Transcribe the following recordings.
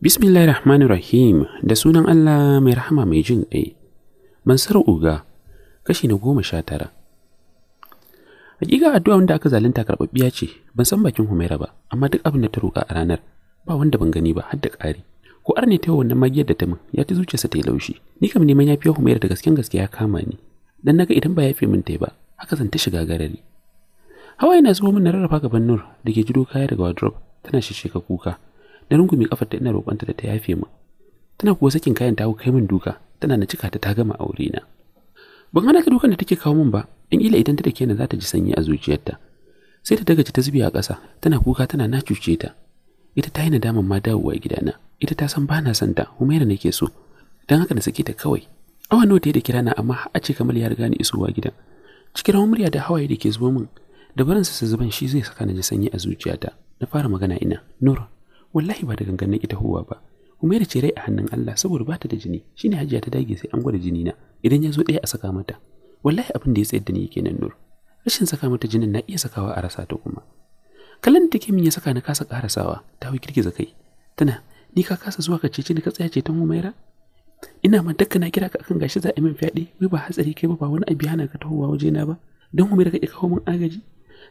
Bismillahirrahmanirrahim da sunan Allah mai rahama mai jin ƙai. Mansar Uga kashi na goma sha tara. Hakika addu'a wanda aka zalunta karɓaɓɓiya ce, ban san bakin Humaira ba, amma duk abin da ta roƙa a ranar ba wanda ban gani ba har da ƙari. Ko ne ta yi wannan magiyar da ta min ya ta sa ta yi laushi. Ni kam neman ya fiye Humaira da gasken gaske ya kama ni. dan naga idan ba yafe min tai ba haka zan ta shiga garari hawa yana zuwa min rarrafa gaban nur da ke jido kaya daga wardrobe tana ka kuka da rungumi kafar ta ina roƙonta da ta yafe min tana kuwa sakin kayan ta kai min duka tana na cika ta ta gama aure na ban hana ta dukan da take kawo min ba in ila idan ta da kenan za ta ji sanyi a zuciyarta sai ta ci ta zubi a ƙasa tana kuka tana na cuce ta ita ta yi nadaman ma dawowa gidana ita ta san ba na santa ta kuma yana nake so don haka na sake ta kawai awa nawa ta da kira na amma a ce kamar ya riga ni isowa gidan cikin rawan murya da hawaye da ke zuba min da barin su zuban shi zai saka na ji sanyi a zuciyata na fara magana ina nur wallahi ba da gangan ita huwa ba da ce rai a hannun Allah saboda ba ta da jini shine hajiya ta dage sai an gwada jini na idan ya zo ɗaya a saka mata wallahi abin da ya tsayar da ni kenan nur rashin saka mata jinin na iya sakawa a rasa ta kuma kallon da take min ya saka na kasa karasawa ta hau girgiza kai tana ni ka kasa zuwa ka ce ni ka tsaya ce ceton Umaira ina ma dukkan na kira ka akan gashi za a min fyaɗe wai ba hatsari kai ba ba wani abu yana ka tahowa waje na ba don kuma da ka kawo min agaji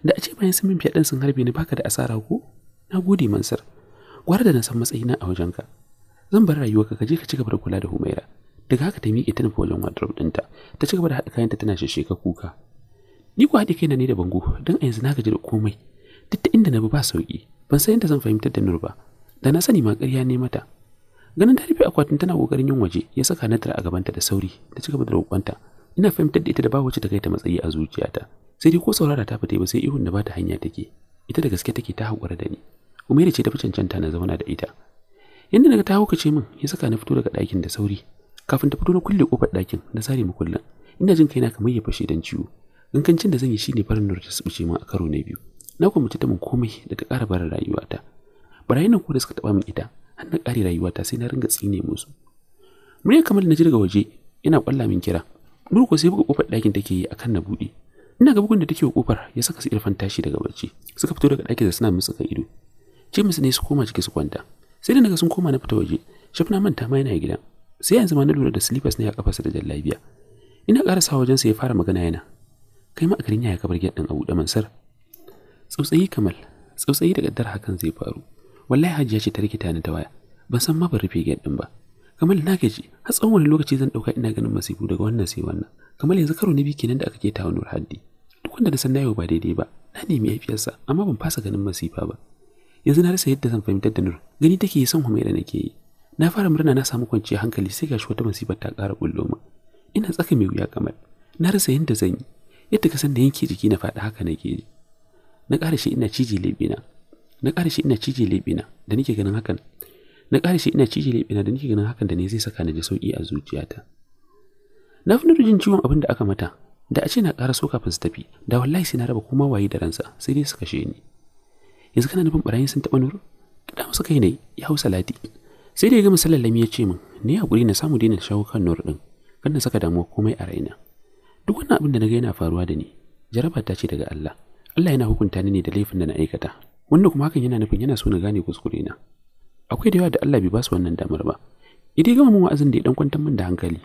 da a ce bayan sun min fyaɗen sun harbe ni baka da asara ko na gode mansar gwara da na san matsayina a ka. zan bar rayuwarka ka je ka gaba da kula da humaira daga haka ta miƙe tana wajen wardrobe ɗinta ta ci gaba da haɗa kayanta tana ka kuka ni ku haɗe kaina ne da bango don a yanzu na gaji da komai duk da inda na bi ba sauƙi ban san yadda zan fahimtar da nur ba da na sani ma ƙarya ne mata ganin ta rufe akwatin tana kokarin yin waje ya saka natar a gabanta da sauri ta cigaba da roƙonta ina fahimtar da ita da ba wacce ta kai ta matsayi a zuciyata sai dai ko saurara ta fita ba sai ihun da bata hanya take ita da gaske take ta haƙura da ni umaira ce ta fi cancanta na zauna da ita yanda naga ta hukace min ya saka na fito daga ɗakin da sauri kafin ta fito na kulle kofar ɗakin na sare mu kullum ina jin kaina kamar ya fashe dan ciwo gankancin da zan yi shine farin nur ta subuce min a karo na biyu na kuma ta mun komai da ta ƙara bara rayuwata ko da suka taɓa min ita an na ƙare rayuwata sai na ringa tsine musu murya kamar na jirga waje yana kwalla min kira burko sai buga kofar ɗakin take yi akan na buɗe ina ga bugun da take wa kofar ya saka su irfan tashi daga barci. suka fito daga ɗakin da suna musu ka ido ce musu ne su koma ciki su kwanta sai da naga sun koma na fita waje shaf manta ma yana gida sai yanzu ma na lura da slippers ne a kafarsa da jallabiya ina karasa wajen sa ya fara magana yana kai ma a garin ya kabar gidan abu da mansar tsautsayi kamal tsautsayi da gaddar hakan zai faru wallahi hajiya ce ta rikita ni ta waya ban san ma ban rufe gate din ba kamar na ci. har tsawon wani lokaci zan dauka ina ganin masifu daga wannan sai wannan kamar yanzu karo ne biyu kenan da aka ke tawo nur haddi duk wanda da san nayo ba daidai ba na nemi yafiyarsa amma ban fasa ganin masifa ba yanzu na rasa yadda zan fahimtar da nur gani take son kuma da nake yi na fara murna na samu kwanciyar hankali sai gashi wata masifa ta kara bullo ma ina tsaka mai wuya kamar na rasa yadda zan yi yadda ka san da yanke jiki na faɗi haka nake ji na ƙara ina ciji lebina na ƙarshe ina cije leɓina da nake ganin hakan na ƙarshe ina cije leɓina da nake ganin hakan da ne zai saka na ji sauƙi a zuciyata na fi jin ciwon abin da aka mata da a ce na ƙara so kafin su tafi da wallahi sai na raba kuma waye da ransa sai dai su kashe ni yanzu kana nufin barayin sun taɓa nuru kiɗa musu kai ne ya hau salati sai da ya gama lami ya ce min ne ya hakuri na samu daina shawo kan nuru ɗin kan na saka damuwa komai a raina duk wannan abin da na ga yana faruwa da ni jaraba ta ce daga Allah Allah yana hukunta ni ne da laifin da na aikata wanda kuma hakan yana nufin yana so na gane kuskure na akwai da yawa da Allah bai ba su wannan damar ba idai gama mun wa'azin da ya dan kwantar min da hankali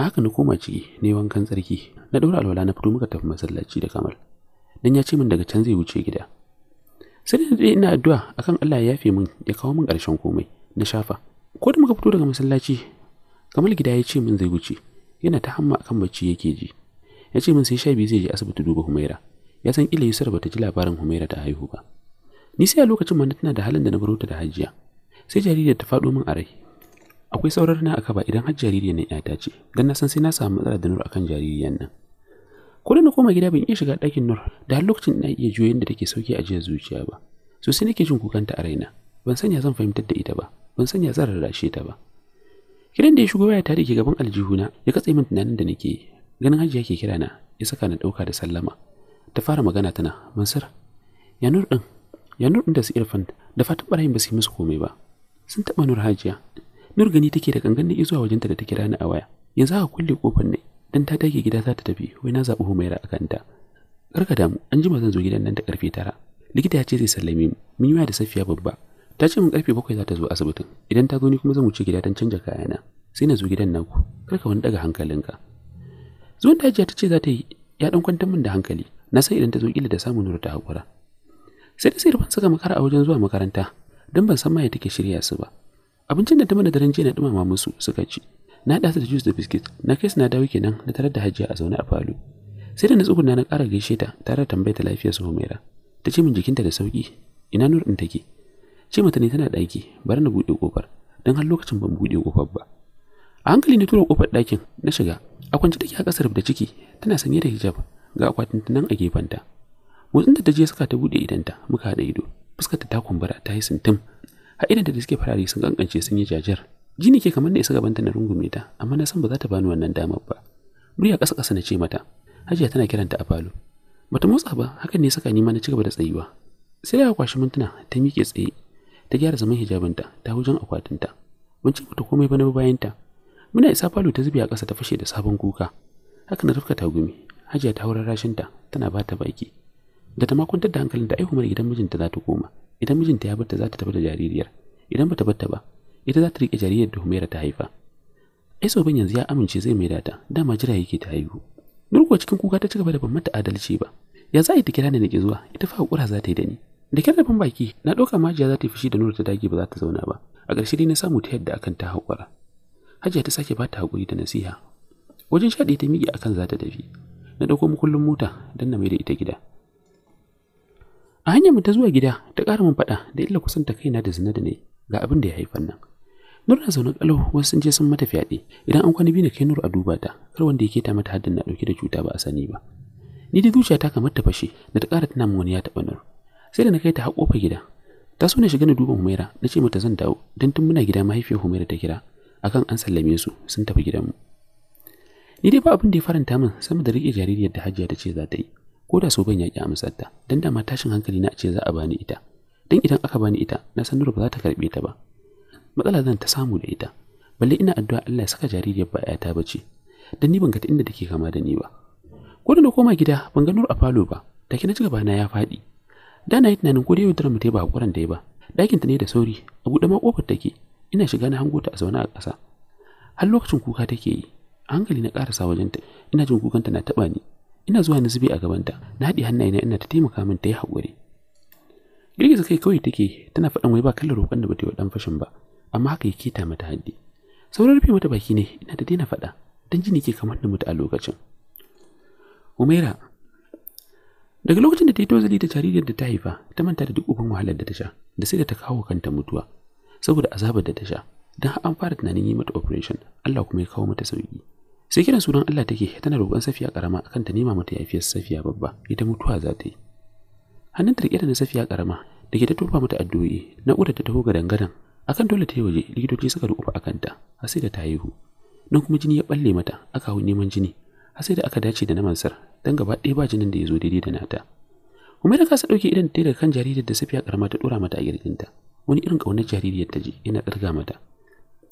a haka na koma ciki ne wankan tsarki na daura alwala na fito muka tafi masallaci da Kamal dan ya ce min daga can zai wuce gida sai da dai ina addu'a akan Allah ya yafe min ya kawo min karshen komai na shafa ko da muka fito daga masallaci Kamal gida ya ce min zai wuce yana ta hamma akan bacci yake ji ya ce min sai sha biyu zai je asibiti duba Humaira ya san kila yusar bata ji labarin Humaira ta haihu ba ni sai a lokacin ma tana da halin da na barota da hajiya sai jaririyar ta faɗo min a rai akwai saurar na akaba idan har jaririyar na ya ce dan na san sai na samu matsala da nur akan jaririyar nan ko da na koma gida ban iya shiga ɗakin nur da har lokacin ina iya juyo yadda take sauki a jiya zuciya ba so sai nake jin ta a raina ban sanya zan fahimtar da ita ba ban sanya zan rarrashe ta ba kiran da ya shigo waya tare ke gaban na ya katse min tunanin da nake yi ganin hajiya ke kira na ya saka na ɗauka da sallama ta fara magana tana mansur nur ɗin yanzu inda da su irfan da fatan barayin ba su yi musu komai ba sun taɓa nur hajiya nur gani take da gangan ne zuwa wajenta da ta rana a waya yanzu aka kulle kofar ne dan ta dage gida za ta tafi wai na zaɓi humaira a kanta karka damu an jima zan zo gidan nan da karfe tara likita ya ce zai sallame mu mun yi da safiya babba ta ce min karfe bakwai za ta zo asibitin idan ta zo ni kuma zan wuce gida don canja kayana sai na zo gidan naku karka wani daga hankalinka zuwan dajiya ta ce za ta yi ya dan kwantar min da hankali na san idan ta zo kila da samun nuru ta hakura sai da sirfan saka makara a wajen zuwa makaranta don ban san maye take shirya su ba abincin da ta mana daren jiya na dumama musu suka ci na haɗa su da juice da biskit na kai na dawo kenan na tarar da hajiya a zaune a falo sai da na tsuguna na kara gaishe ta tare da tambayar ta lafiyar su humaira ta ce min jikinta da sauki ina nur ɗin take ce mata ne tana ɗaki bari na buɗe kofar don har lokacin ban buɗe kofar ba a hankali na tura kofar ɗakin na shiga a kwance take a ƙasar da ciki tana sanye da hijab ga akwatin nan a gefenta motsin da ta je suka ta buɗe idanta muka haɗa ido fuskar ta ta kumbura ta yi sintim har idan da suke farari sun kankance sun yi jajar jini ke kamar na isa gabanta na rungume ta amma na san ba za ta bani wannan damar ba murya ƙasa ƙasa na ce mata hajiya tana kiranta a falo bata motsa ba hakan ne saka nima na cigaba da tsayuwa sai da kwashi mintuna ta miƙe tsaye ta gyara zaman hijabinta ta wajen akwatinta ban ce mata komai ba na bayanta muna isa falo ta zubi a ƙasa ta fashe da sabon kuka haka na rufka gumi hajiya ta haura rashinta tana ba ta baki da ta makwantar da hankalin da ai idan mijinta za ta koma idan mijinta ya barta za ta tafi da jaririyar idan bata barta ba ita za ta rike jaririyar da Humaira ta haifa ai soban yanzu ya amince zai maida ta dama jira yake ta haihu nurko cikin kuka ta cigaba da ban mata adalci ba ya za a yi ta kira ni nake zuwa ita fa hakura za ta yi da ni da kyar ban baki na ɗauka majiya za ta yi fushi da nuna ta dage ba za ta zauna ba a ƙarshe dai na samu ta yadda akan ta hakura hajiya ta sake ba ta hakuri da nasiha wajen shaɗi ta miƙe akan za ta tafi na ɗauko mukullin mota don na mai da ita gida a hanyar mu ta zuwa gida ta ƙara min faɗa da illa kusanta kaina da zina da ne ga abin da ya haifar nan Nur na zaune kalau wasu sun je sun mata fyaɗe idan an kwana biyu na kai Nur a duba ta kar wanda yake ta mata haddin na ɗauke da cuta ba a sani ba ni dai ta kamar ta fashe da ta ƙara tana min wani ya taɓa Nur sai da na kai ta haƙo fa gida ta so na shiga na duba Humaira na ce mata zan dawo don tun muna gida mahaifiyar Humaira ta kira akan an sallame su sun tafi gidanmu ni dai ba abin da ya faranta min sama da riƙe jaririyar da Hajiya ta ce za ta yi ko da su ya ki amsar ta dan da ma tashin hankali na ce za a bani ita dan idan aka bani ita na san Nura ba za ta karbe ta ba matsala zan ta samu da ita balle ina addu'a Allah ya saka jaririyar ba ta bace dan ni ban ga inda take kama da ni ba ko da na koma gida ban ga Nur a falo ba take na ci gaba na ya faɗi da na yi tunanin ko da yau mu ta ba hakuran da ya ba ɗakinta ne da sauri a buɗe ma kofar take ina shiga na hango ta a zaune a ƙasa har lokacin kuka take yi a hankali na ƙarasa wajenta ina jin kukanta na taɓa ni ina zuwa na zube a gabanta na haɗe hannayena ina ta taimaka min ta yi haƙuri girgiza kai kawai take tana faɗin wai ba kallon roƙon da bata yi wa ɗan fashin ba amma haka ya ta mata haddi sauran rufe mata baki ne ina ta daina faɗa dan jini ke kamar da mutu a lokacin umaira daga lokacin da ta yi tozali da jaririyar da ta haifa ta manta da duk uban wahalar da ta sha da sai da ta kawo kanta mutuwa saboda azabar da ta sha don an fara tunanin yi mata operation Allah kuma ya kawo mata sauki sai kiran sunan Allah take tana roƙon safiya karama akan ta nema mata yafiyar safiya babba ita mutuwa za ta yi hannun ta da na safiya karama da ke ta tofa mata addu'o'i na ƙuda ta taho gadangadan akan dole ta yi waje likitoci suka rufa akan ta har sai da ta haihu nan kuma jini ya balle mata aka hau neman jini har sai da aka dace da na sar dan gaba ɗaya ba jinin da ya zo daidai da nata kuma Umaira kasa ɗauke idan ta daga kan jaririyar da safiya karama ta ɗora mata a ta wani irin ƙaunar jaririyar ta ji yana ɗarga mata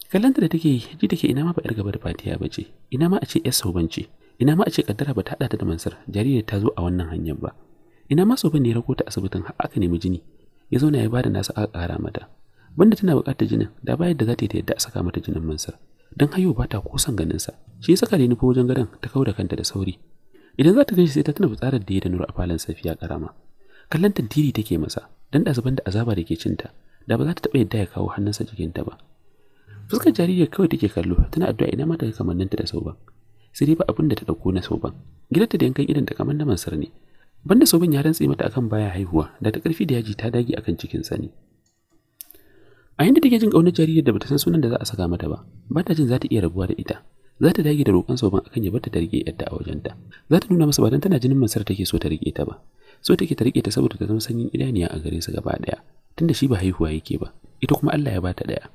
Kallonta da take yi ji take ina ma ba 'yar gaba da fatiya ba ce ina ma a ce 'yar sauban ce ina ma a ce kaddara ba ta haɗa ta da mansar jaririn ta zo a wannan hanyar ba ina ma sauban ne ya rako ta asibitin har aka nemi jini ya zo na ya bada nasa aka kara mata banda tana bukatar jinin da ba yadda za ta yi ta yadda a saka mata jinin mansar don hayo ba ta kusan sa, shi ya saka da wajen gadon ta kauda kanta da sauri idan za ta gaishe sai ta tuna fitsarar da ya da nura a falon safiya karama kallon tantiri take masa dan ɗazuban da azaba da ke cinta da ba za ta taɓa yadda ya kawo hannunsa jikinta ba fuskar jaririyar kawai take kallo tana addu'a ina mata kamanninta da sauban sai dai ba abin da ta dauko na sauban gidanta da yankan idan ta kamar na mansar ne banda sauban ya rantsi mata akan baya haihuwa da ta karfi da yaji ta dage akan cikin sani a yanda take jin kaunar jaririyar da bata san sunan da za a saka mata ba ba ta jin za ta iya rabuwa da ita za ta dage da roƙon sauban akan ya bata ta rike yadda a wajenta za ta nuna masa ba dan tana jinin mansar take so ta rike ta ba so take ta rike ta saboda ta zama sanyin idaniya a gare su gaba daya tunda shi ba haihuwa yake ba ita kuma Allah ya bata daya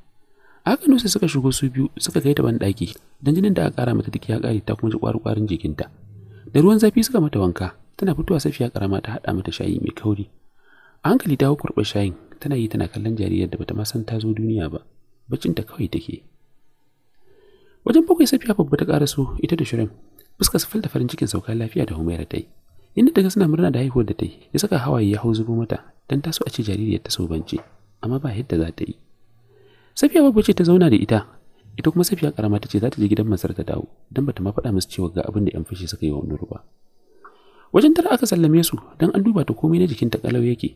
Aka nusa suka shigo su biyu suka kai ta banɗaki don jinin da aka kara mata duk ya kare ta kuma ji ƙwarin jikinta. Da ruwan zafi suka mata wanka tana fitowa safiya karama ta hada mata shayi mai kauri. A hankali ta kurɓa shayin tana yi tana kallon jariyar da bata ma san ta zo duniya ba baccin ta kawai take. Wajen bakwai safiya babba ta karaso ita da shirin fuska su falta farin cikin saukar lafiya da humaira ta yi. Inda daga suna murna da haihuwar da ta yi ya saka hawaye ya hau zubo mata dan ta so a ce jaririyar ta so bance amma ba yadda za ta yi. Safiya babu ce ta zauna da ita. Ita kuma Safiya karama ta ce za ta je gidan Mansur ta dawo, dan bata ma faɗa musu cewa ga abin da ƴan fashi suka yi wa Nuru ba. Wajen tara aka sallame su dan an duba ta komai na jikinta kalau yake.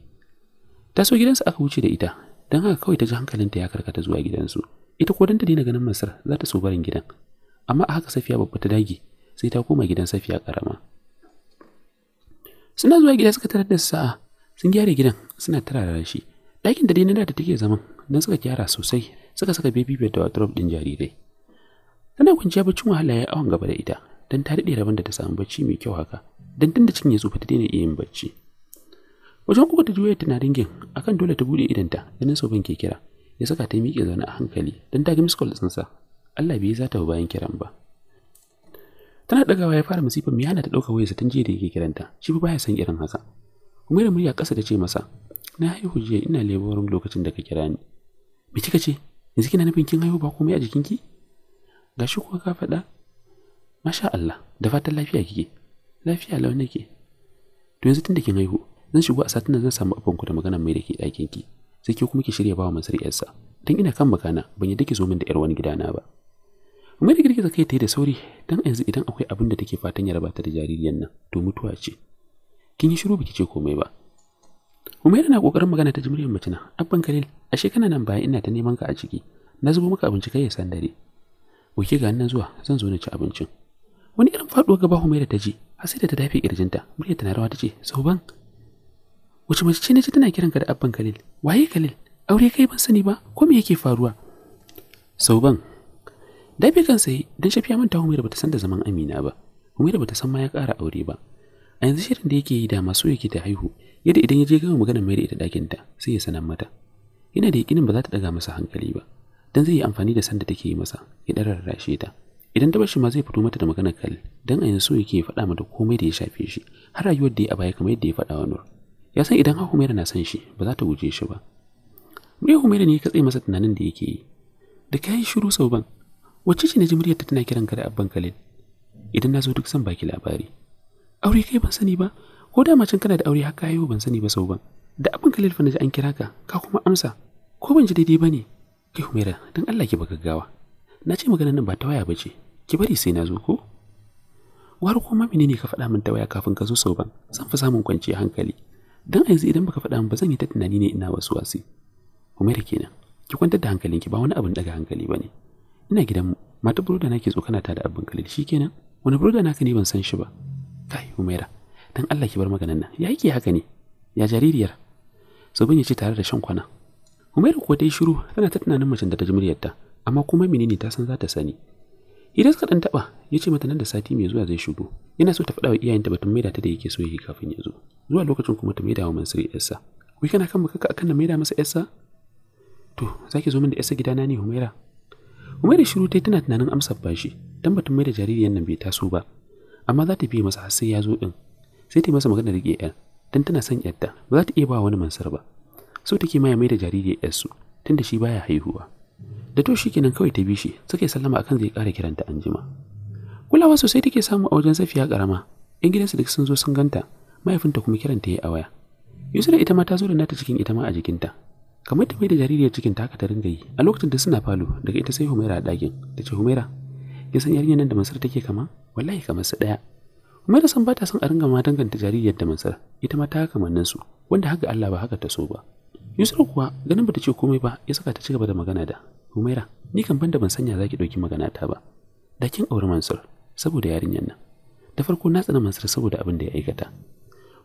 Ta so gidansu aka wuce da ita, dan haka kawai ta ji hankalinta ya karkata zuwa gidansu. Ita ko dan ta dina ganin masar za ta so barin gidan. Amma a haka Safiya babba ta dage, sai ta koma gidan Safiya karama. Suna zuwa gida suka tarar da sa'a, sun gyara gidan suna tarara shi. Ɗakin da dai na da take zaman nan suka gyara sosai suka saka baby bed da wardrobe din jarirai tana kwanciya baccin wahala ya awon gaba da ita dan ta daɗe rabon da ta samu bacci mai kyau haka dan tun da cinye zufa ta daina iya yin bacci wajen kuka ta juya tana ringin akan dole ta bude idanta ganin soban ke kira ya saka ta miƙe zaune a hankali don ta ga miss call ɗinsa Allah bai zata ba bayan kiran ba tana dagawa ya fara musifa mai hana ta ɗauka wayarsa tun jiya da yake kiranta shi ba baya san irin haka kuma da murya ƙasa ta ce masa na haihu jiya ina lebuwarin lokacin da ka kira ni me kika ce yanzu kina nufin kin haihu ba komai a jikinki gashi kuwa ka faɗa masha Allah da fatan lafiya kike lafiya lau nake to yanzu tunda kin haihu zan shigo a satin zan samu ku da maganar mai da ke ɗakin ki sai ke kuma ki shirya bawa Mansur yarsa dan ina kan makana ban yi dake zo min da yar wani gidana ba mai da girgiza kai ta da sauri dan yanzu idan akwai abin da take fatan ya rabata ta da jaririyan nan to mutuwa ce kin yi shiru biki ce komai ba Umaira na kokarin magana ta jimriyar mutuna. Abban Khalil, ashe kana nan baya ina ta neman ka a ciki. Na zubo maka abinci kai ya san dare. Wuke ga nan zuwa, zan zo na ci abincin. Wani irin faduwa gaba Humaira ta ji, har sai da ta dafe kirjinta. Muryar tana rawa ta ce, "Sauban, wace mace ce nace tana kiranka da Abban Khalil? Waye kalil, Aure kai ban sani ba, ko me yake faruwa?" Sauban, dafe kan sayi dan shafiya manta Humaira bata san da zaman Amina ba. Umaira bata san ma ya kara aure ba. A yanzu shirin da yake yi da masu yake ta haihu, yadda idan ya je gama magana mai da ita ɗakinta sai ya sanar mata yana da yakinin ba za ta daga masa hankali ba dan zai yi amfani da sanda take yi masa ya dan rarrashe ta idan ta bashi ma zai fito mata da magana kal dan a yanzu yake faɗa mata komai da ya shafe shi har rayuwar da ya abaya baya kamar yadda ya faɗa wa Nur ya san idan har Humaira na san shi ba za ta guje shi ba mai Humaira ne ya katse masa tunanin da yake yi da kayi shiru sau ban wacce ce na ji muryar ta tana ka da abban Khalil idan na zo duk san baki labari aure kai ban sani ba ko da macen kana da aure har ka ban sani ba sau ban da abin kalil fa naji an kira ka ka kuma amsa ko ban ji daidai ba ne. kai humaira don Allah ki ba gaggawa na ce maganar nan ba ta waya ce ki bari sai na zo ko war kuma menene ka faɗa min ta waya kafin ka zo sau ban zan fi samun kwanciyar hankali don a yanzu idan baka faɗa min ba zan yi ta tunani ne ina wasu wasi humaira kenan ki kwantar da ki ba wani abin daga hankali ba ne. ina gidan mata broda nake tsokana ta da abin kalil shi kenan wani broda naka ne ban san shi ba kai humaira dan Allah ki bar maganan nan ya yake haka ne ya jaririyar so ya ce tare da shan kwana Umairu ko dai shiru tana ta tunanin macen da ta ji muryarta amma kuma menene ta san za ta sani Idan suka dan taba yace mata nan da sati mai zuwa zai shigo yana so ta fada wa iyayenta batun maida ta da yake so yake kafin ya zo zuwa lokacin kuma ta maida wa Mansur yarsa wai kana kan makaka akan na maida masa yarsa to zaki zo min da yarsa gidana ne umaira Umaira shiru tai tana tunanin amsar bashi dan batun maida jaririyan nan bai taso ba amma za ta biye masa har sai ya zo din sai ta yi masa magana rike yar don tana son yarta ba za ta iya ba wani mansar ba so take ma mai da jariri yarsu da shi baya haihuwa da to kenan kawai ta bi shi suka yi sallama akan zai ƙara kiranta anjima kulawa sosai take samu a wajen safiya karama yan gidansu duk sun zo sun ganta mahaifinta kuma kiranta ya a waya yusra ita ma ta zo da nata cikin ita ma a jikinta kamar ta mai da jaririyar cikin ta haka ta ringa yi a lokacin da suna falo daga ita sai humaira a ɗakin ta ce humaira ya san yarinyar nan da mansar take kama wallahi kamar su ɗaya da san ba ta son a ringa ma danganta jaririyar da Mansar, ita ma ta kamannin su, wanda haka Allah ba haka ta so ba. Yusuf kuwa ganin bata ce komai ba ya saka ta ci gaba da magana da Umaira, ni kan banda ban sanya zaki dauki magana ta ba. Da kin aure Mansur saboda yarinyar nan. Da farko na tsana mansar saboda abin da ya aikata.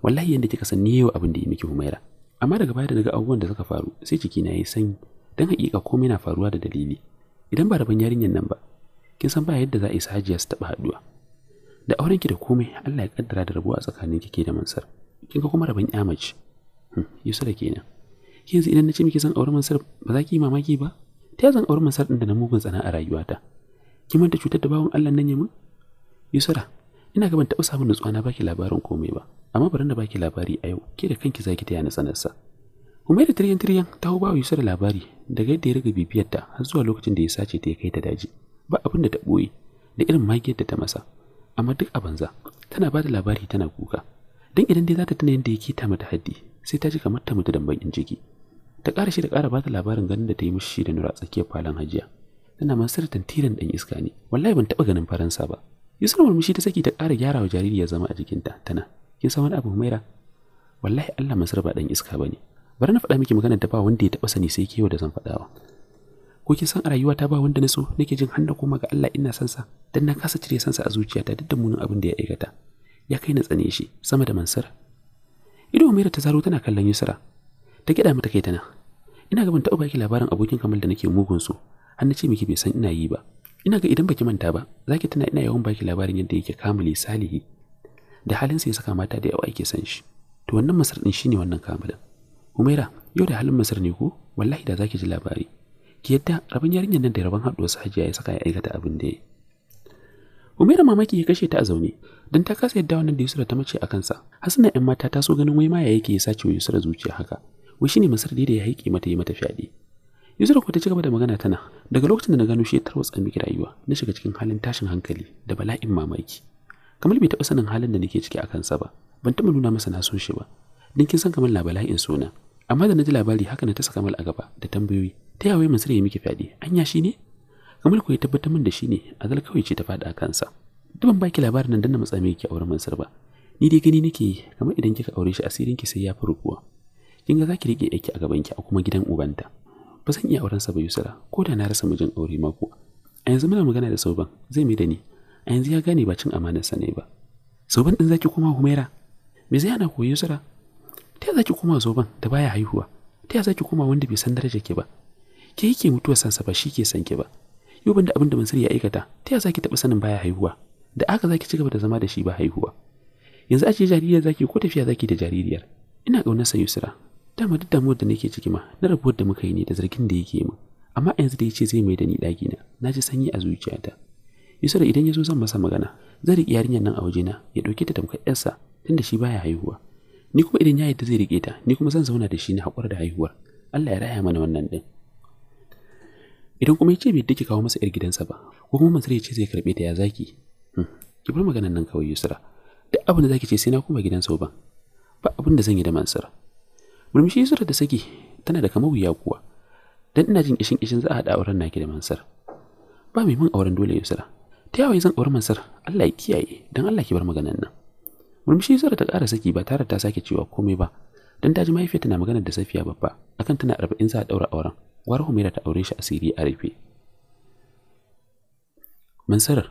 Wallahi yanda kika san ni yau abin da ya miki humaira. Amma daga baya da naga abubuwan da suka faru sai ciki na yi sanyi dan hakika komai na faruwa da dalili. Idan ba rabon yarinyar nan ba, kin san ba yadda za a yi sajiya su taba haduwa. da aurenki da komai Allah ya kaddara da rabuwa tsakanin kike da Mansur kin ga kuma rabon yamaci hmm, yusa da kenan yanzu idan na ce miki zan aure Mansur ba za ki yi mamaki ba ta zan aure mansar din da na mugun tsana a rayuwata ki manta cutar da bawon Allah nan ya mun Yusra ina ga ban taɓa samun nutsuwa na baki labarin komai ba amma bari na baki labari a yau ke da kanki zaki taya ni sanarsa kuma da tiryan tiryan ta hau bawa Yusra labari daga yadda ya riga bibiyarta har zuwa lokacin da ya sace ta ya kai ta daji ba abin da ta boye da irin magiyar da ta masa amma duk a banza tana ba da labari tana kuka don idan dai za ta tuna yadda ke ta mata haddi sai ta ji kamar ta mutu da bakin ciki ta ƙara shi da ƙara ba ta labarin ganin da ta yi mishi da nura a tsakiyar falon hajiya tana masar tantiran ɗan iska ne wallahi ban taɓa ganin faransa ba yusuf murmushi ta saki ta ƙara gyara wa jariri ya zama a jikinta tana kin san wani abu maira. wallahi allah masar ba ɗan iska ba ne bari na faɗa miki magana da ba wanda ya taɓa sani sai kewa da zan faɗawa ko kin san a rayuwata ba wanda na so nake jin hannu kuma ga Allah ina son sa dan na kasa cire sansa a zuciyata duk da munin abin da ya aikata ya kai na tsane shi sama da Mansur ido Umaira ta zaro tana kallon Yusra ta kida mata kai tana ina gaban ta baki labarin abokin Kamal da nake mugun su har na ce miki bai san ina yi ba ina ga idan baki manta ba zaki tana ina yawan baki labarin yadda yake kamali salihi da halin sa ya saka mata da yawa yake san shi to wannan masar din shine wannan kamalan. Umaira yau da halin masar ne ko wallahi da zaki ji labari ki yadda rabin yarinyar nan da rabin haɗuwa hajiya ya saka ya aikata abin da ya Umaira mamaki ya kashe ta a zaune don ta kasa yadda wannan da Yusra ta mace a kansa. hasina ‘yan mata ta so ganin wai ma ya yake ya sace wa Yusra zuciya haka. Wai shine Masar da ya haike mata yi mata fyaɗe. Yusra ko ta cigaba da magana tana daga lokacin da na gano shi ya tarwatsa miki rayuwa na shiga cikin halin tashin hankali da bala'in mamaki. kamar bai taɓa sanin halin da nake ciki a kansa ba. Ban taɓa nuna masa na so shi ba. Don kin san kamar labala'in suna Amma da na ji labari haka na ta saka a gaba da tambayoyi ta yawai Mansur ya miki fyaɗe ya shi ne kamar ku ya tabbatar min da shi ne a kawai ce ta faɗa a kansa duk ban baki labarin nan dan na matsa ki auren mansar ba ni dai gani nake yi kamar idan kika aure shi asirin ki sai ya fi rukuwa kin ga zaki rike ki a gaban ki a kuma gidan ubanta ba zan iya auren sa ba Yusra ko da na rasa mijin aure mako. a yanzu muna magana da Sauban zai mai da ni a yanzu ya gane ba cin amanar sa ne ba Sauban din zaki koma Humaira me zai ana koyi Yusra ta zaki koma zoban da baya haihuwa ta zaki koma wanda bai san darajar ki ba ke yake mutuwar sansa ba shi ke san ki ba yau banda abin da Mansur ya aikata ta ya zaki taɓa sanin baya haihuwa da aka zaki ci gaba da zama da shi ba haihuwa yanzu a ce jaririyar zaki ko tafiya zaki da jaririyar ina ƙaunar sa Yusra mu duk mu da nake ciki ma na rabuwar da muka yi ne da zargin da yake mu amma yanzu da yace zai mai da ni ɗakina na naji ji sanyi a zuciyata Yusra idan ya zo zan masa magana zan riƙe yarinyar nan a wajena ya ɗauke ta tamkar ƴarsa tunda shi baya haihuwa ni kuma idan ya yadda zai riƙe ta ni kuma zan zauna da shi na haƙura da haihuwar Allah ya raya mana wannan din idan kuma yace bai dake kawo masa yar gidansa ba ko kuma mansur ya ce zai karbe ta ya zaki hmm, ki bar maganan nan kawai yusra duk abin da zaki ce sai na koma gidan ba ba abin da zan yi da mansur murmushi yusra da saki tana da kamar wuya kuwa dan ina jin kishin kishin za a hada auren naki da mansur ba mai min auren dole yusra ta yawa zan aure mansur Allah ya kiyaye dan Allah ki bar maganan nan murmushi yusra ta ƙara saki ba tare ta sake cewa komai ba dan ta ji mahaifiyarta na maganar da safiya babba akan tana arba'in za a daura auren war Humaira ta aure shi asiri a rufe Mansarar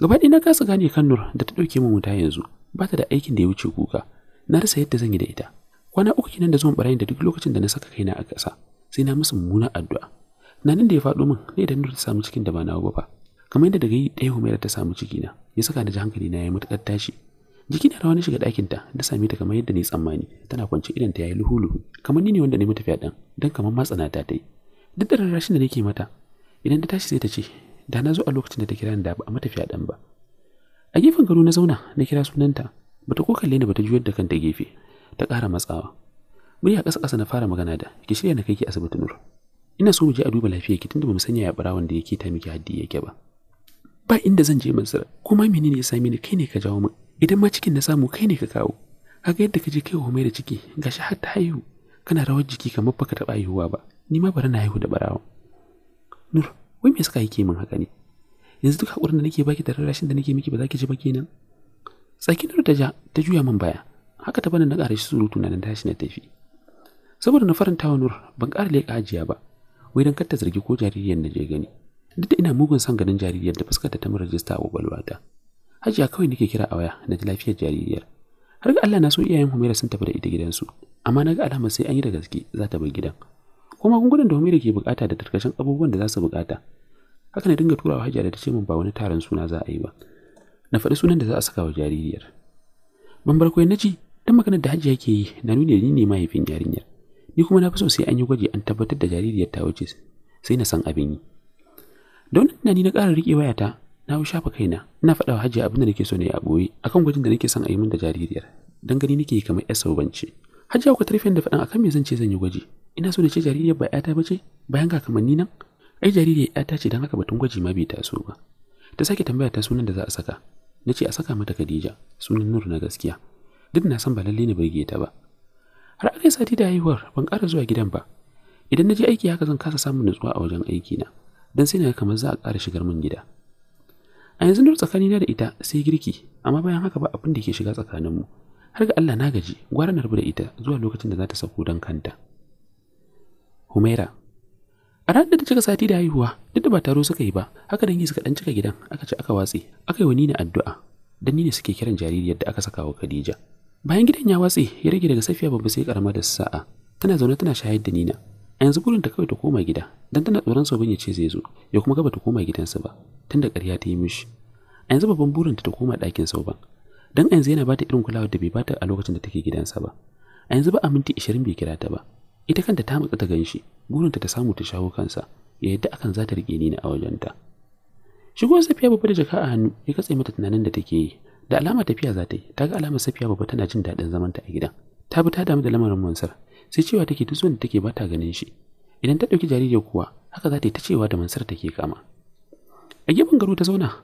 gaba na kasa gane kan Nur da ta ɗauke min wuta yanzu ba ta da aikin da ya wuce kuka na rasa yadda zan yi da ita kwana uku kenan da zuwan barayin da duk lokacin da na saka kaina a ƙasa sai na musu mummunan addu'a na nan da ya faɗo min ne da Nur ta samu cikin da ba nawa ba kamar yadda daga yi ɗaya Humaira ta samu na ya saka na ji hankali na ya matuƙar tashi jiki na rawa na shiga ɗakin ta da same ta kamar yadda ni tsammani tana kwance idan ta yayi luhulu kamar ni ne wanda ne mata dan dan kamar matsana ta tai duk da rarrashin da nake mata idan ta tashi sai ta ce da na zo a lokacin da ta kira ni da ba a dan ba a gefen garo na zauna na kira sunanta bata ko kalle ni bata juyar da kanta gefe ta ƙara matsawa murya ƙasa ƙasa na fara magana da ki shirya na kai ki asibiti nur ina so mu je a duba lafiyar ki tunda bamu sanya ya barawon wanda yake ta miki haddi yake ba ba inda zan je Mansur kuma menene ya sami ni kai ne ka jawo mu idan ma cikin na samu kai ne ka kawo kaga yadda ka je kai wa mai da ciki gashi har ta haihu kana rawar jiki kamar baka taɓa haihuwa ba ni ma bari na haihu da barawa nur wai me suka ke min haka ne yanzu duk hakurin da nake baki da rarrashin da nake miki ba za ki ji ba kenan tsakin nur ta ja ta juya min baya haka ta bana na ƙara shi surutu na tashi na tafi saboda na faranta wa nur ban ƙara leƙa ajiya ba wai dan kar ta zargi ko jaririyar na je gani duk da ina mugun son ganin jaririyar da fuskar ta mara rajista a ta hajiya kawai nake kira a waya na ji lafiyar jaririyar har ga Allah na so iyayen Humaira sun tafi da ita gidansu amma na ga alamar sai an yi da gaske za ta bar gidan ko magungunan da Humaira ke bukata da tarkacen abubuwan da za su bukata haka na dinga turawa hajiya da ta ce min ba wani taron suna za a yi ba na faɗi sunan da za a saka wa jaririyar ban bar na ji dan maganar da hajiya ke yi na da ni ne mahaifin yarinyar ni kuma na fi so sai an yi gwaji an tabbatar da jaririyar ta wuce sai na san abin yi da wannan tunani na ƙara riƙe wayata na yi shafa kaina ina faɗa wa hajiya abin da nake so ne a ɓoye akan gwajin da nake son a yi min da jaririyar don gani nake kamar yar saubance hajiya ku tarfe da faɗan akan me zan ce zan yi gwaji ina so na ce jaririyar ba ƴata bace bayan ga kamanni nan ai jaririyar ƴata ce don haka batun gwaji ma bai taso ba ta sake tambaya ta sunan da za a saka na ce a saka mata Khadija sunan Nur na gaskiya duk na san ba lallai ne birge ta ba har aka yi sati da haihuwar ban ƙara zuwa gidan ba idan na je aiki haka zan kasa samun nutsuwa a wajen aiki na dan sai na kamar za a ƙara shigar min gida a yanzu tsakani tsakanina da ita sai girki amma bayan haka ba abin da ke shiga tsakaninmu har ga Allah na gaji gwara na rabu da ita zuwa lokacin da za ta sauko don kanta Humaira a ranar da ta cika sati da haihuwa duk da ba taro suka yi ba haka dangi suka dan cika gidan aka ci aka watse aka yi wani ne addu'a dan ni suke kiran jaririyar da aka saka wa Khadija bayan gidan ya watse ya rage daga safiya babba sai karama da sa'a tana zaune tana shayar da Nina a yanzu burinta kawai ta koma gida dan tana tsoron sabon ya ce zai zo ya kuma gaba ta koma gidansa ba tunda ƙarya ta yi mishi a yanzu babban burinta ta koma ɗakin sauban dan a yanzu yana bata irin kulawar da bai bata a lokacin da take gidansa ba a yanzu ba a minti ashirin bai kira ta ba ita kanta ta matsa ta ganshi burinta ta samu ta shawo kansa ya yadda akan za ta riƙe ni a wajenta shigo safiya babba da jaka a hannu ya katse mata tunanin da take yi da alama tafiya za ta yi ta ga alamar safiya babba tana jin daɗin zamanta a gidan ta bi ta damu da lamarin mansar sai cewa take duk da take bata ganin shi idan ta dauki jaririn kuwa haka za ta yi ta cewa da mansar take kama a gefen garu ta zauna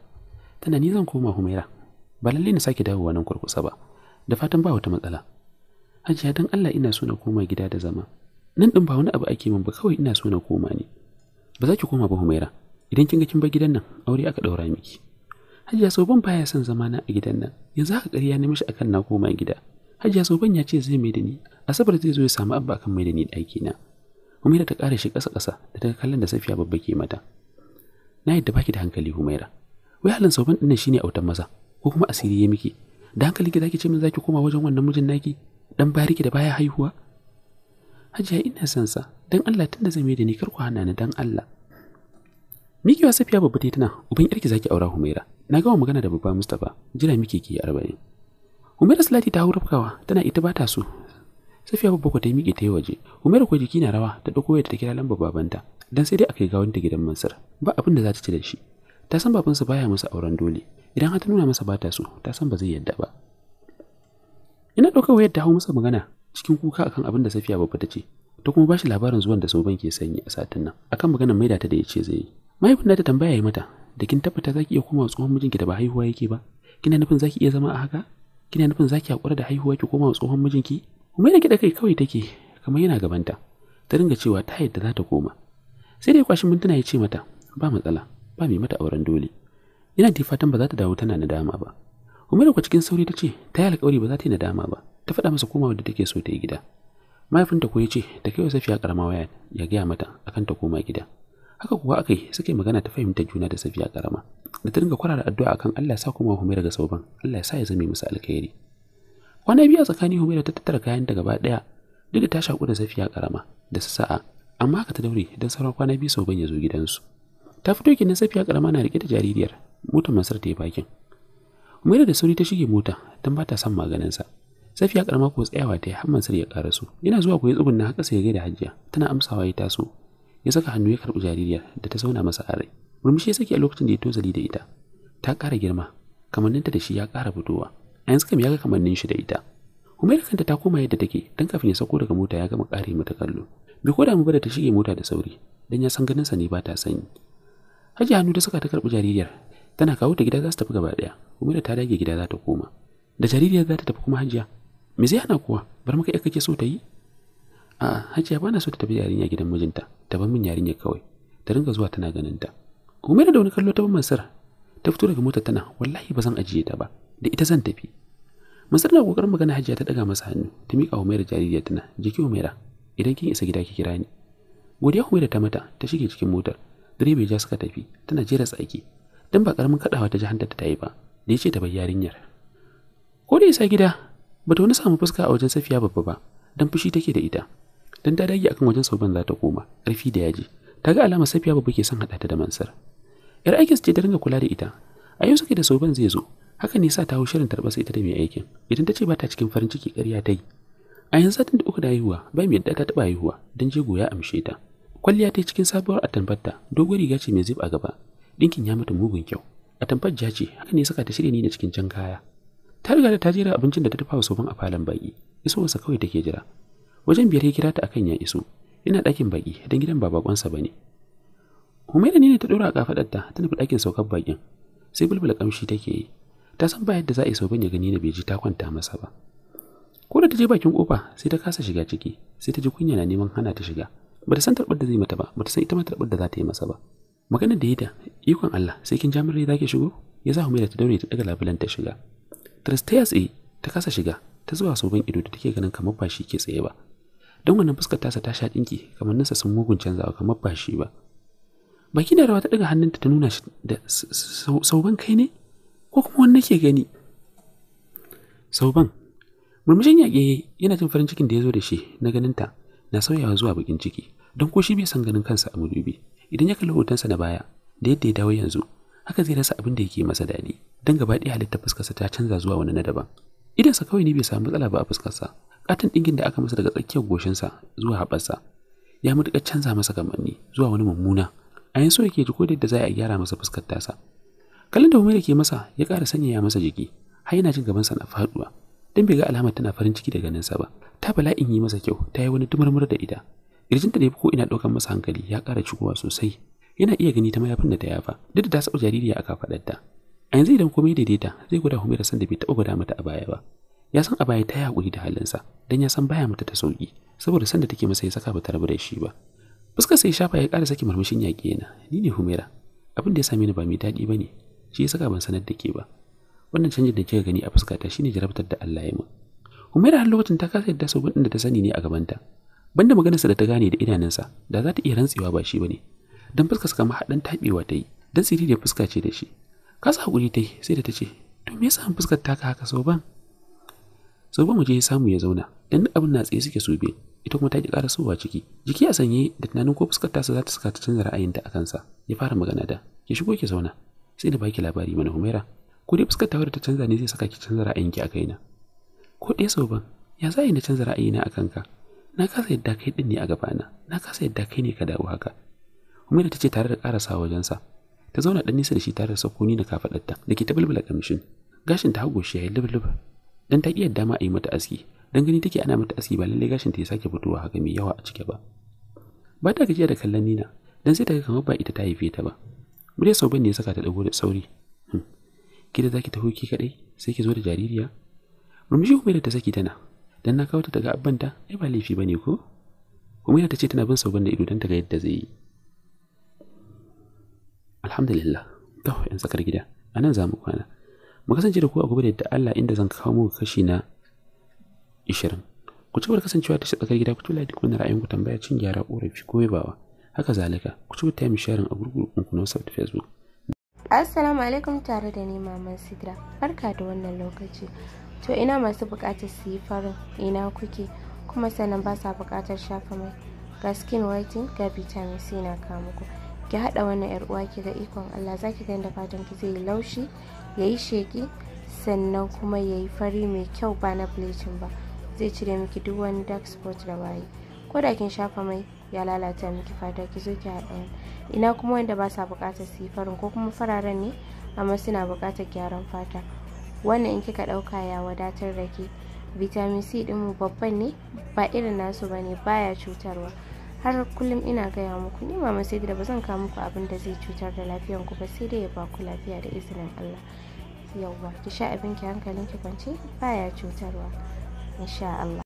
tana ni zan koma humaira ba lallai na sake dawowa nan kurkusa ba da fatan ba wata matsala hajiya dan allah ina so na koma gida da zama nan din ba wani abu ake min ba kawai ina so na koma ne ba za ki koma ba humaira idan kin ga kin bar gidan nan aure aka daura miki hajiya so ban baya son zama na a gidan nan yanzu haka ƙarya na mishi akan na koma gida hajiya tsofan ya ce zai mai da ni asabar zai zo ya samu abba kan mai da ni ɗaki na humaira ta kara shi kasa-kasa da ta kallon da safiya babba ke mata na yadda baki da hankali humaira wai halin sauban ɗin shine autan maza ko kuma asiri ya miki da hankali ki zaki ce min zaki koma wajen wannan mijin naki dan bariki da baya haihuwa hajiya ina son sa dan Allah tunda zai mai da ni kar ku hana ni dan Allah Miki wa safiya babba ta tana uban yarki zaki aura Humaira na gama magana da babba Mustapha jira miki ki arba'in. da Salati ta hurufkawa tana ita ba ta so. Safiya babba ta miƙe ta yi waje. Humaira ko jiki na rawa ta ɗauko wayar ta kira lambar babanta dan sai dai aka yi ta gidan Mansur. Ba abin da za ta ci da shi. Ta san babansa baya masa auren dole. Idan har ta nuna masa bata ta so, ta san ba zai yadda ba. Ina ɗaukar wayar ta hau masa magana cikin kuka akan abin da Safiya babba ta ce. Ta kuma bashi labarin zuwan da Soban ke sanyi a satin nan akan maganar maida ta da ya ce zai yi. Mahaifin ta tambaya ya mata da kin tabbata zaki iya komawa tsohon mijinki da ba haihuwa yake ba. Kina nufin za ki iya zama a haka? kina nufin za ki haƙura da haihuwa ki koma tsohon mijinki kuma yana kiɗa kai kawai take kamar yana gabanta ta dinga cewa ta yadda za ta koma sai dai kwashin mintuna ya ce mata ba matsala ba mai mata auren dole yana da fatan ba za ta dawo tana nadama ba Umaru ku cikin sauri ta ce ta yi alƙawari ba za ta yi nadama ba ta faɗa masa komawa da take so ta yi gida mahaifinta ko ya ce ta kai wa safiya ƙarama waya ya gaya mata akan ta koma gida haka kuwa aka yi suka magana ta fahimta juna da safiya karama da ta dinga kwarara addu'a akan Allah ya sa kuma Humaira ga sauban Allah ya sa ya zame musu alkhairi kwana biyu tsakanin Humaira ta tattara kayan da gaba daya duk ta shaku da safiya karama da sa'a amma haka ta daure dan sauran kwana biyu sauban ya zo gidansu ta fito kenan safiya karama na rike da jaririyar motar Masar ta yi bakin Humaira da sauri ta shige mota dan ba ta son maganin sa Safiya karama ko tsayawa ta yi har Mansur ya karasu. Yana zuwa koyi tsugun na haka sai ya gaida Hajiya. Tana amsawa ya taso. ya saka hannu ya karɓi jaririyar da ta zauna masa a rai murmushi ya saki a lokacin da ya tozali da ita ta ƙara girma kamanninta da shi ya ƙara fitowa a yanzu kam ya ga kamannin shi da ita Humaira kanta ta koma yadda take dan kafin ya sauko daga mota ya gama ƙare mata kallo bai koda mu da ta shige mota da sauri dan ya san ganin sa ne ba ta sanyi Haji hannu da saka ta karɓi jaririyar tana kawo ta gida za su tafi gaba ɗaya Humaira ta dage gida za ta koma da jaririyar za ta tafi kuma hajiya me zai hana kuwa bar maka kake so ta yi A'a, Hajiya ba na so ta tafi yarinya gidan mijinta, ta bar min yarinya kawai. Ta ringa zuwa tana ganin ta. Umaira da wani kallo ta bar Mansur. Ta fito daga motar tana, wallahi ba zan ajiye ta ba, da ita zan tafi. Mansur na kokarin magana Hajiya ta daga masa hannu, ta miƙa Umaira jaririya tana, jiki Umaira, idan kin isa gida ki kira ni. Godiya Umaira ta mata, ta shige cikin motar. Direba ya suka tafi, tana jera tsaki. Dan ba karamin kadawa ta ji hanta ta yi ba, da ya ta bar yarinyar. Ko da isa gida, bata wani samu fuska a wajen Safiya babba ba, dan fushi take da ita. dan ta dage akan wajen sauban za ta koma ƙarfi da yaji ta ga alama safiya babu ke son haɗa ta da mansar yar aikin ce ta ringa kula da ita a yau suke da sauban zai zo haka ne sa ta hau shirin tarbasa ita da mai aikin idan ta ce ba ta cikin farin ciki ƙarya ta yi a yanzu satin da uku da haihuwa bai mai yadda ta taɓa haihuwa don jego ya amshe ta kwalliya ta yi cikin sabuwar atamfarta doguwar riga ce mai zip a gaba Dinkin ya mutu mugun kyau atamfar ja ce haka ne saka ta shirya ni da cikin jan kaya ta riga da ta jera abincin da ta tafa wa soban a falon baki isowarsa kawai take jira wajen biyar ya kira ta akan ya iso ina ɗakin baƙi don gidan ba baƙonsa ba ne humaira ne ta ɗora a kafaɗarta ta nufi ɗakin saukar baƙin sai bulbula kamshi take yi ta san ba yadda za a iso ban ya gani na bai ji ta kwanta masa ba ko da ta je bakin kofa sai ta kasa shiga ciki sai ta ji kunya na neman hana ta shiga ba ta san tarbar da zai mata ba ba ta san ita ma tarbar da za ta yi masa ba maganar da da ikon Allah sai kin jami'ar rai za shigo ya sa humaira ta daure ta ɗaga labulan ta shiga Tristaias tsaye eh, ta kasa shiga ta zuwa soban ido da take ganin kamar ba shi ke tsaye ba don wannan fuskar tasa ta sha ɗinki kamar nasa sun mugun canzawa kamar ba shi ba baki da rawa ta daga hannunta ta nuna shi da sauban kai ne ko kuma wani nake gani sauban murmushin yaƙe yana jin farin cikin da ya zo da shi na ganinta na sauyawa zuwa bakin ciki don ko shi bai san ganin kansa a madubi idan ya kalli hotonsa na baya da yadda ya dawo yanzu haka zai rasa abin da yake masa daɗi don gaba ɗaya halittar fuskarsa ta canza zuwa wani na daban idansa kawai ne bai samu matsala ba a fuskarsa Katin dingin da aka masa daga tsakiyar goshinsa zuwa haɓarsa ya matuƙar canza masa kamanni zuwa wani mummuna a yanzu yake ji ko da za a gyara masa fuskar tasa kallon da da ke masa ya ƙara sanyaya masa jiki har yana jin gabansa na faɗuwa don bai ga alamar tana farin ciki da ganinsa ba ta bala'in yi masa kyau ta yi wani tumurmur da ita kirjinta da ya fi ko ina ɗaukar masa hankali ya ƙara cikowa sosai yana iya gani ta mayafin da ta yafa duk da ta saba jaririya aka faɗarta a yanzu idan komai daidaita zai gwada Humaira san da bai taɓa gwada mata a baya ba ya san a baya ta yaƙuri da halinsa don ya san baya mata ta sauƙi saboda sanda take masa ya saka ba ta rabu da shi ba fuskar sai shafa ya ƙara saki marmashin yaƙi yana ni ne humira abin da ya same ni ba mai daɗi ba ne shi ya saka ban sanar da ke ba wannan canjin da kika gani a fuskata shine jarabtar da Allah ya min humera har lokacin ta kasa yadda sau da ta sani ne a gabanta banda maganarsa da ta gane da idanunsa da za ta iya rantsewa ba shi bane don fuskarsa kama haɗin taɓewa ta yi don siriri da fuska ce da shi kasa hakuri ta yi sai da ta ce to me yasa an fuskanta ka haka sau ban sau ban waje ya samu ya zauna dan duk abin na tsaye suke so ita kuma ta ki ƙara sowa ciki jiki a sanye da tunanin ko fuskar tasa za ta saka ta canza ra'ayinta a kansa ya fara magana da ki shigo ki zauna sai da baki labari mana humaira ko dai fuskar wadda ta canza ne zai saka ki canza ra'ayinki a kaina ko ɗaya soban ban ya za yi na canza ra'ayina a kanka na kasa yadda kai ɗin ne a gabana na kasa yadda kai ne ka dawo haka humaira ta ce tare da ƙarasa wajensa ta zauna dan nisa da shi tare da sakoni na kafadarta da ke ta bulbula kamshin gashin ta hago shi yi lubluba dan ta iya dama a yi mata aski dan gani take ana mata aski ba lalle gashin ta ya sake fitowa haka mai yawa a cike ba ba ta gajiya da kallon Nina dan sai ta ga kamar ba ita ta haife ta ba mure sau ne ya saka ta dago da sauri hmm, ki da zaki taho ki kadai sai ki zo da jaririya murmushi kuma da ta saki tana dan na kawo ta daga ta ai ba laifi bane ko kuma ta ce tana bin sauban da ido dan ta ga yadda zai yi alhamdulillah to yan tsakar gida a nan za mu kwana mu kasance da ku a gobe da Allah inda zan kawo muku kashi na 20 ku ci gaba kasancewa ta tsakar gida ku tula duk wani ra'ayin ku tambaya cin gyara korafi ko bawa haka zalika ku ci gaba ta sharing a gurgurun ku na WhatsApp da Facebook Assalamu alaikum tare da ni Maman Sidra. Barka da wannan lokaci. To ina masu buƙatar su yi farin ina kuke kuma sannan ba sa buƙatar shafa mai. Ga skin whitening ga vitamin C na kamuku. ki haɗa wannan yar uwa ki ga ikon Allah za ki ga inda fatan ki zai yi laushi yayi sheki sannan kuma yayi fari mai kyau ba na bleaching ba zai cire miki duk wani dark spot da waye ko da kin shafa mai ya lalata miki fata ki zo ki haɗa ina kuma wanda ba sa buƙatar su farin ko kuma fararen ne amma suna buƙatar gyaran fata wannan in kika ɗauka ya wadatar da ke vitamin c mu babban ne ba irin nasu ba baya cutarwa har kullum ina gaya muku ni mama sai da ba zan kawo muku abin da zai cutar da lafiyar ku ba sai dai ya ba ku lafiya da izinin Allah yawwa ki sha abin ki hankalin ki kwance baya cutarwa insha Allah